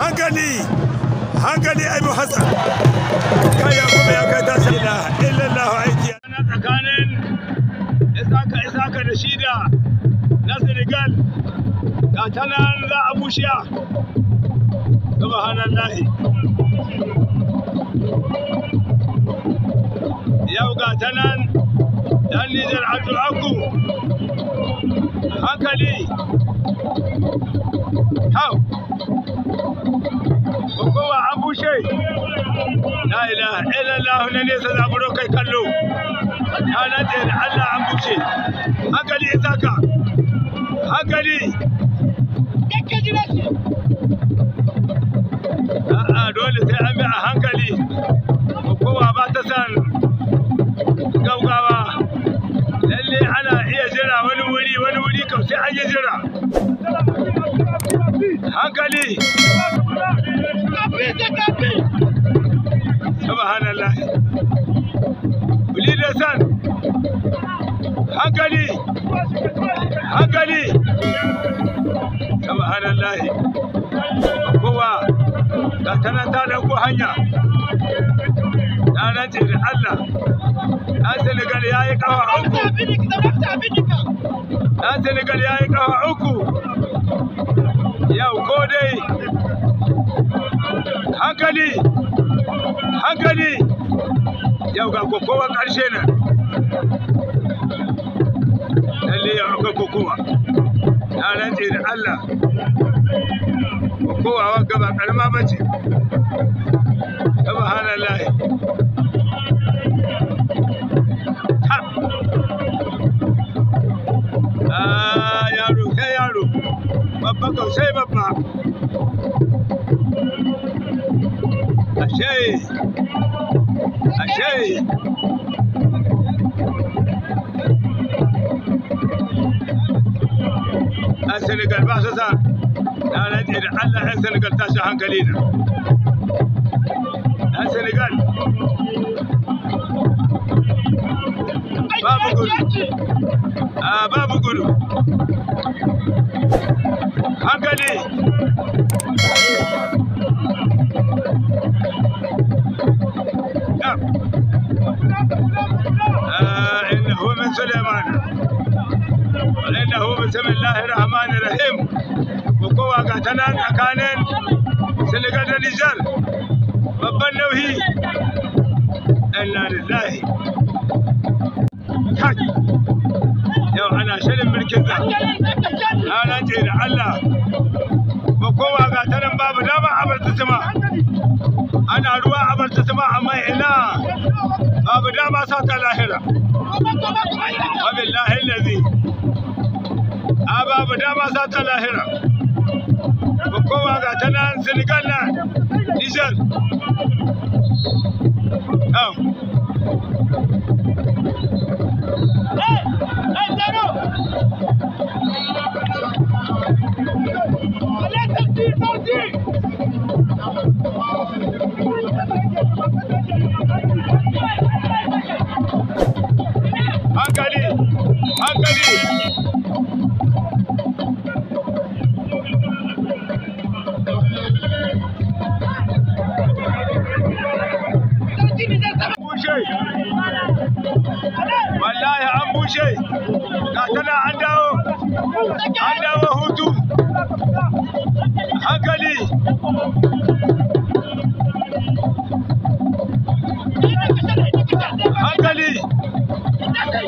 هنقلي هنقلي أبو حسن كايا قومي أكيدا سينا إلا الله عيدي أنا تقانن إساكا إساكا نشيدا نزل قال قاتلنا أن لا أبوشيا سبحان الله ياو قاتلنا داني زر عبد العقو هنقلي هاو hukuma an bushe la ilaha illallah zaburo kai kallo ya nace Allah an bushe hankali isaka hankali subhanallah bili da san hankali hankali subhanallah kowa ga tanan ta da hanya na rance da Allah Na Senegal ya yi kafa uku Na Senegal ya yi kafa uku yau ko dai hankali hankali yau ga kokowar ƙarshe ne lalle yau akwai kokowa na rantse da Allah kokowa wanka ba karama bace layi Senegal ba su sa na rantse da Allah ɗan Senegal tashin hankali na ɗan Senegal babu gudu a babu gudu hankali إنه من سليمان bismillahir rahmanir rahim kokowa ga ta nan tsakanin Senegal na rantse da Allah ruwa ina babu a babu dama za ta lahira ba ga ta nan senegal nan niger Let's go, an dawo hutu hankali hankali hankali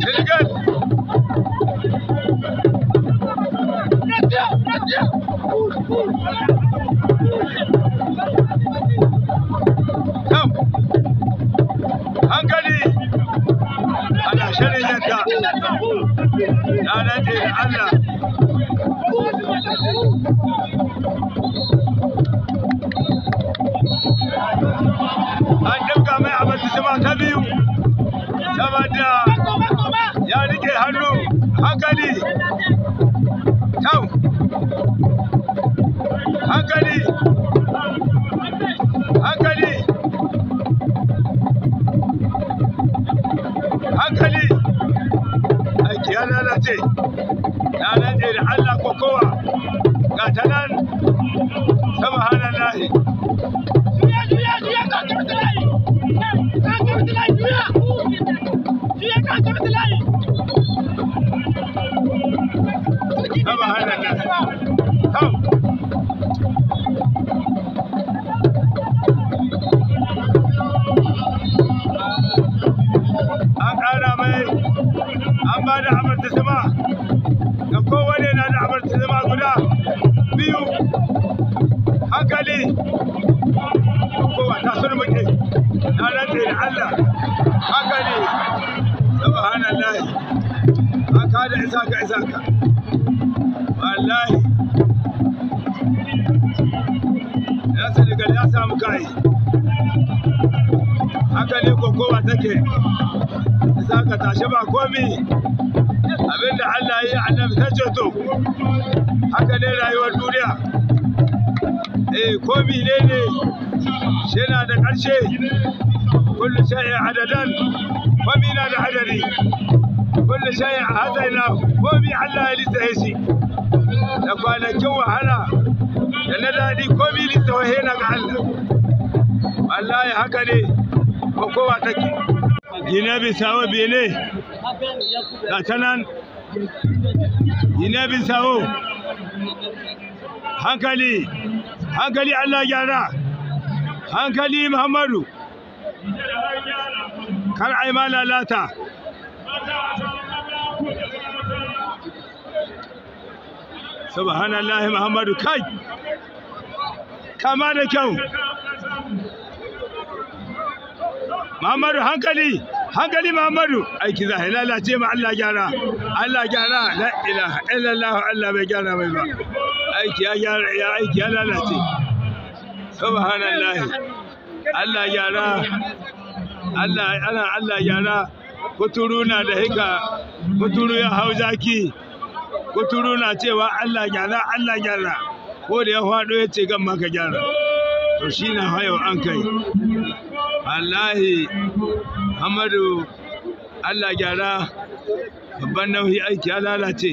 Senegal Yeah. Allah muka haka ne kokowa take za ka tashi ba komi abinda Allah yi annabi ta ceto haka ne rayuwar duniya eh komi ne ne na da ƙarshe kullu shay'in adadan komi na da hadari kullu shay'in hazaina komi Allah ya lissaye shi da kwanakin wahala da na daɗi komi littawahe na ga Allah wallahi haka ne ko kowa take sawo bisawo ne? ga ta nan gina sawo. hankali hankali Allah gyara hankali Muhammadu kar ai ma lalata subhanallahi Muhammadu kai kama da kyau Muhammadu hankali hankali Muhammadu aiki za lalace ma Allah gyara Allah gyara la ilaha illallah Allah bai gyara mai ba aiki ya gyara ya aiki ya lalace subhanallah Allah gyara Allah ana Allah gyara kuturu na da hika kuturu ya hau zaki kuturu na cewa Allah gyara Allah gyara ko da ya faɗo ya ce gan ma ka gyara to shi na hayo an kai Allahi hamadu allah gyara babban nauyi aiki ya lalace